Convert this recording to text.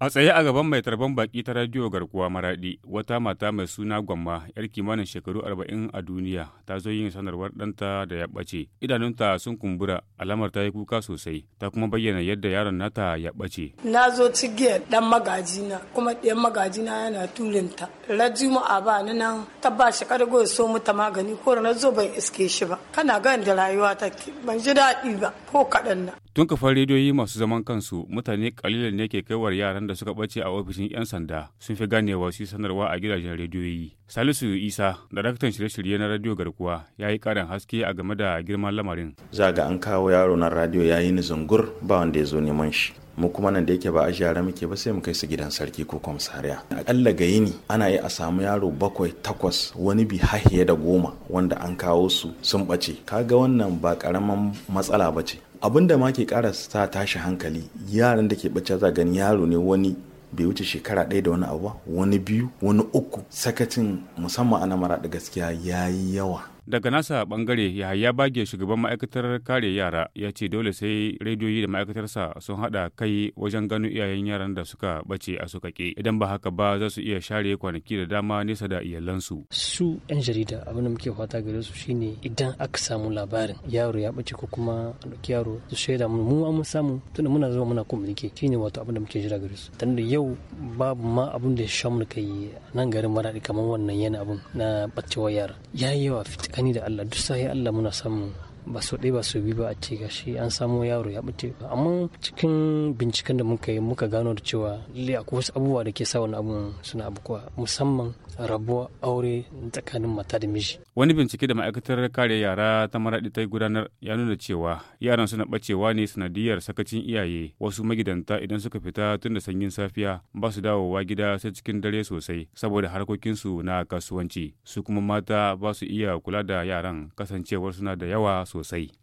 A tsaye a gaban mai tarban baki ta radio garkuwa maradi wata mata mai suna Gwamma, 'yar kimanin shekaru arba'in a duniya, ta zo yin sanarwar ɗanta da ya ɓace. Idanunta sun kumbura, alamar ta yi kuka sosai, ta kuma bayyana yadda yaron nata ya ɓace. Na zo cigiya ɗan magajina, kuma ɗayan magajina yana tulunta Rajima a ba ni nan, ta ba shi kargo so mata magani, ko na zo ban iske shi ba. Kana gan da rayuwa ta ban ji daɗi ba, ko kaɗan na. Tun kafar rediyoyi masu zaman kansu mutane kalilan ne ke kaiwar yaran da suka bace a ofishin 'yan sanda sun fi ganewa su sanarwa a gidajen rediyoyi. Salisu Isa, daraktan shirye-shirye na radio garkuwa, ya yi karin haske a game da girman lamarin. Za ga an kawo yaro na radio ya yi ni zungur ba wanda ya zo neman shi. mu kuma nan da yake ba a yara muke ba sai mu kai su gidan sarki ko komisariya akalla ga yini ana yi a samu yaro bakwai takwas wani bi hahiye da goma wanda an kawo su sun bace kaga wannan ba karaman matsala ba ce abin da ma ke kara sa tashi hankali yaran da ke bacci za gani yaro ne wani bai wuce shekara ɗaya da wani abu wani biyu wani uku sakacin musamman ana mara da gaskiya ya yi yawa daga nasa bangare yahaya bage shugaban ma'aikatar kare yara ya ce dole sai rediyoyi da ma'aikatarsa sun hada kai wajen gano iyayen yaran da suka bace a sukake idan ba haka ba za su iya share kwanaki da dama nesa da iyalansu su yan jarida abin da muke fata gare su shine idan aka samu labarin yaro ya bace ko kuma dauki yaro su shaida mu mu mun samu tunda muna zuwa muna komunike shine wato abin da muke jira gare su tunda yau babu ma abin da ya sha mu kai nan garin mara kamar wannan yana abin na bacewa yara yayi yawa fitika tsakani da Allah duk sai Allah muna samu. ba su ɗaya ba su bi ba a ce gashi an samu yaro ya ɓace ba amma cikin binciken da muka yi muka gano da cewa lalle akwai wasu abubuwa da ke sa wani abun suna abubuwa musamman rabuwa aure tsakanin mata da miji. Wani bincike da ma'aikatar kare yara ta maraɗi ta gudanar ya nuna cewa yaran suna ɓacewa ne sanadiyar sakacin iyaye wasu magidanta idan suka fita tun da sanyin safiya ba su dawowa gida sai cikin dare sosai saboda harkokinsu na kasuwanci su kuma mata ba su iya kula da yaran kasancewar suna da yawa sosai. sea,